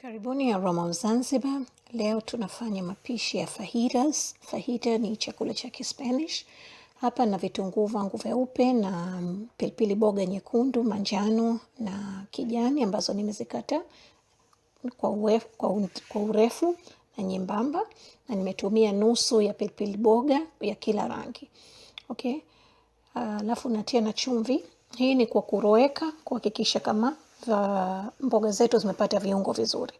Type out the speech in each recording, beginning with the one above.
Karibuni ya Roma Zanzibar. Leo tunafanya mapishi ya fajitas. Fajita ni chakula cha Kispanish. Hapa na vitunguu vangu vyeupe na pilipili boga nyekundu, manjano na kijani ambazo nimezikata kwa, urefu, kwa urefu na nyembamba, na nimetumia nusu ya pilipili boga ya kila rangi okay. Ah, alafu natia na chumvi. Hii ni kwa kuroweka, kuhakikisha kama za mboga zetu zimepata viungo vizuri.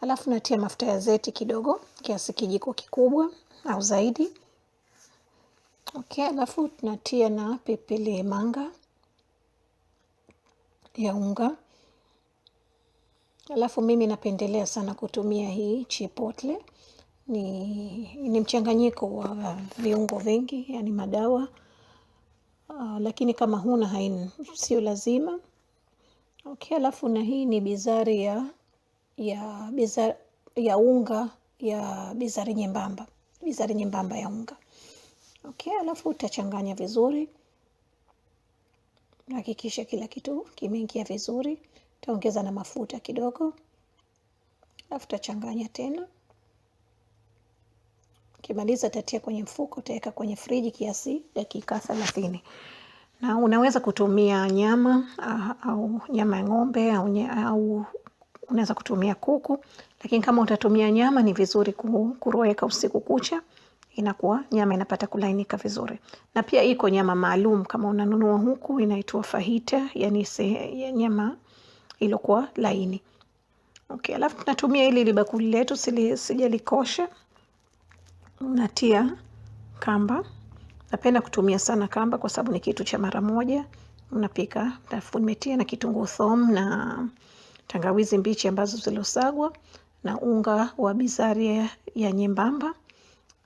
Alafu natia mafuta ya zeti kidogo kiasi kijiko kikubwa au zaidi. Okay, alafu tunatia na pilipili manga ya unga. Alafu mimi napendelea sana kutumia hii chipotle. Ni, ni mchanganyiko wa viungo vingi, yani madawa uh, lakini kama huna haina, sio lazima Okay, alafu na hii ni bizari ya ya bizari ya unga ya bizari nyembamba, bizari nyembamba ya unga. Okay, alafu utachanganya vizuri, hakikisha kila kitu kimeingia vizuri. Utaongeza na mafuta kidogo, alafu utachanganya tena. Ukimaliza utatia kwenye mfuko, utaweka kwenye friji kiasi dakika thelathini na unaweza kutumia nyama ah, au nyama ya ng'ombe au, au unaweza kutumia kuku, lakini kama utatumia nyama ni vizuri kuroweka usiku kucha, inakuwa nyama inapata kulainika vizuri. Na pia iko nyama maalum kama unanunua huku inaitwa fahita yani nyama iliyokuwa laini. Okay, alafu tunatumia hili libakuli letu sijalikosha, unatia kamba Napenda kutumia sana kamba kwa sababu ni kitu cha mara moja. Unapika Alafu nimetia na kitunguu thom na tangawizi mbichi ambazo zilosagwa na unga wa bizari ya nyembamba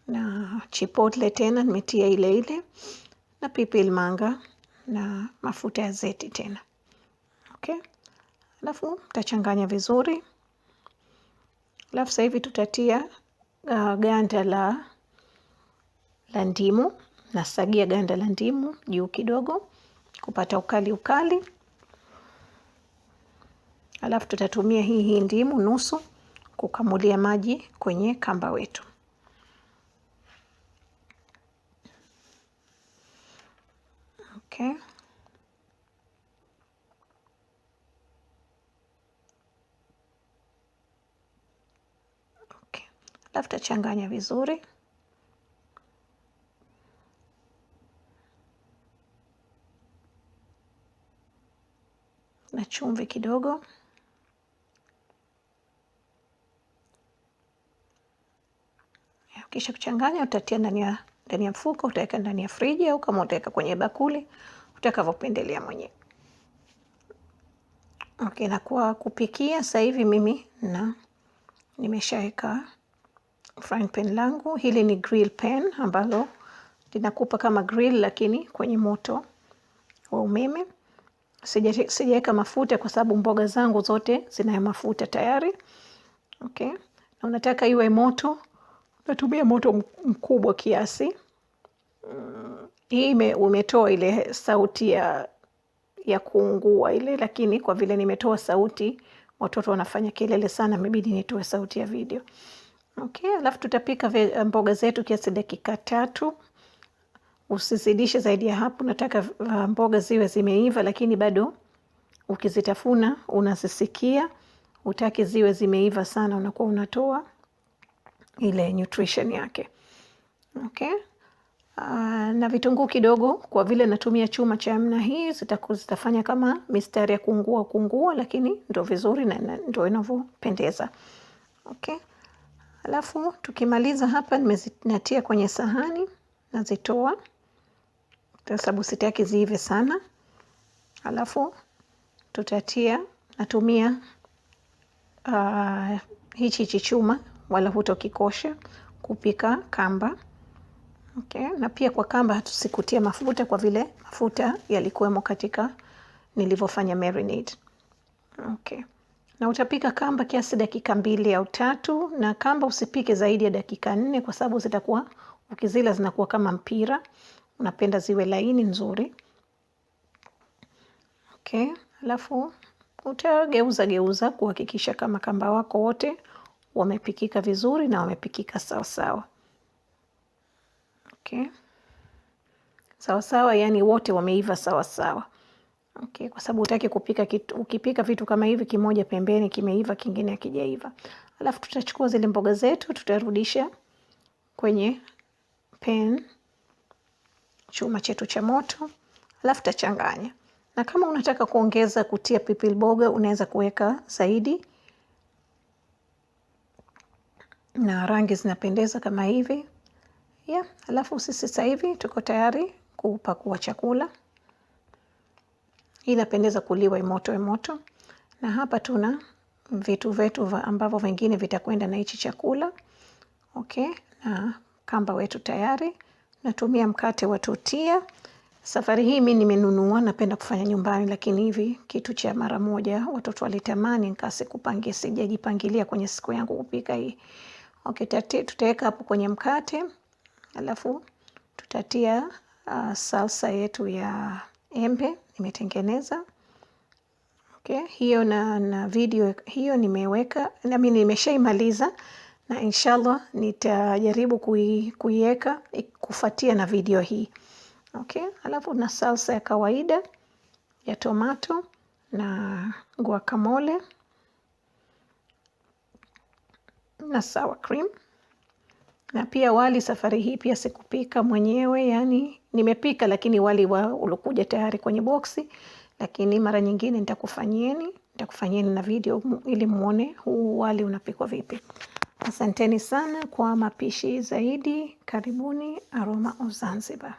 na chipotle tena nimetia ile ile na pipil manga na mafuta ya zeti tena. Okay. Alafu nitachanganya vizuri. Alafu sasa hivi tutatia ah, ganda la ndimu. Nasagia ganda la ndimu juu kidogo kupata ukali ukali, alafu tutatumia hii hii ndimu nusu kukamulia maji kwenye kamba wetu. Okay. Okay. Alafu tachanganya vizuri. chumvi kidogo. Kisha kuchanganya, utatia ndani ya ndani ya mfuko, utaweka ndani ya friji, au kama utaweka kwenye bakuli utakavyopendelea mwenyewe. Okay, na kwa kupikia sasa hivi mimi na nimeshaweka frying pan langu. Hili ni grill pan ambalo linakupa kama grill, lakini kwenye moto wa umeme sijaweka mafuta kwa sababu mboga zangu zote zina mafuta tayari. Okay. Na unataka iwe moto, natumia moto mkubwa kiasi. Mm, hii ime, umetoa ile sauti ya, ya kuungua ile, lakini kwa vile nimetoa sauti, watoto wanafanya kelele sana, imebidi nitoe sauti ya video. Okay, alafu tutapika mboga zetu kiasi dakika tatu usizidishe zaidi ya hapo. Nataka uh, mboga ziwe zimeiva, lakini bado ukizitafuna unazisikia, utaki ziwe zimeiva sana, unakuwa unatoa ile nutrition yake okay. Uh, na vitunguu kidogo, kwa vile natumia chuma cha namna hii zitaku, zitafanya kama mistari ya kungua kungua, lakini ndo vizuri na ndo inavyopendeza okay. Alafu tukimaliza hapa, nimezinatia kwenye sahani, nazitoa sababu sitaki ziive sana, alafu tutatia, natumia uh, hichi hichi chuma wala hutokikosha kupika kamba okay. Na pia kwa kamba hatusikutia mafuta kwa vile mafuta yalikuwemo katika nilivyofanya marinade okay. Na utapika kamba kiasi dakika mbili au tatu, na kamba usipike zaidi ya dakika nne kwa sababu zitakuwa ukizila zinakuwa kama mpira unapenda ziwe laini nzuri. Okay, alafu utageuza geuza kuhakikisha kama kamba wako wote wamepikika vizuri na wamepikika sawasawa. Okay, sawasawa, yani wote wameiva sawasawa. Okay, kwa sababu utaki kupika kitu, ukipika vitu kama hivi kimoja pembeni kimeiva kingine hakijaiva. Alafu tutachukua zile mboga zetu tutarudisha kwenye pan chuma chetu cha moto, alafu tachanganya. Na kama unataka kuongeza kutia pilipili boga unaweza kuweka zaidi, na rangi zinapendeza kama hivi ya yeah. Alafu sisi sasa hivi tuko tayari kupakua chakula. Inapendeza kuliwa imoto imoto, na hapa tuna vitu vyetu ambavyo vingine vitakwenda na hichi chakula okay. Na kamba wetu tayari Natumia mkate wa totia. Safari hii mi nimenunua, napenda kufanya nyumbani, lakini hivi kitu cha mara moja watoto walitamani, nikasikupangia, sijajipangilia kwenye siku yangu kupika hii. Okay, tutaweka hapo kwenye mkate, alafu tutatia uh, salsa yetu ya embe nimetengeneza. Okay, hiyo na, na video hiyo nimeweka nami nimeshaimaliza na inshallah nitajaribu kuiweka kufuatia na video hii okay. Alafu na salsa ya kawaida ya tomato na guacamole na sour cream na pia wali safari hii pia sikupika mwenyewe, yani nimepika, lakini wali wa ulokuja tayari kwenye boksi. Lakini mara nyingine nitakufanyieni nitakufanyieni na video ili muone huu wali unapikwa vipi. Asanteni sana kwa mapishi zaidi. Karibuni Aroma of Zanzibar.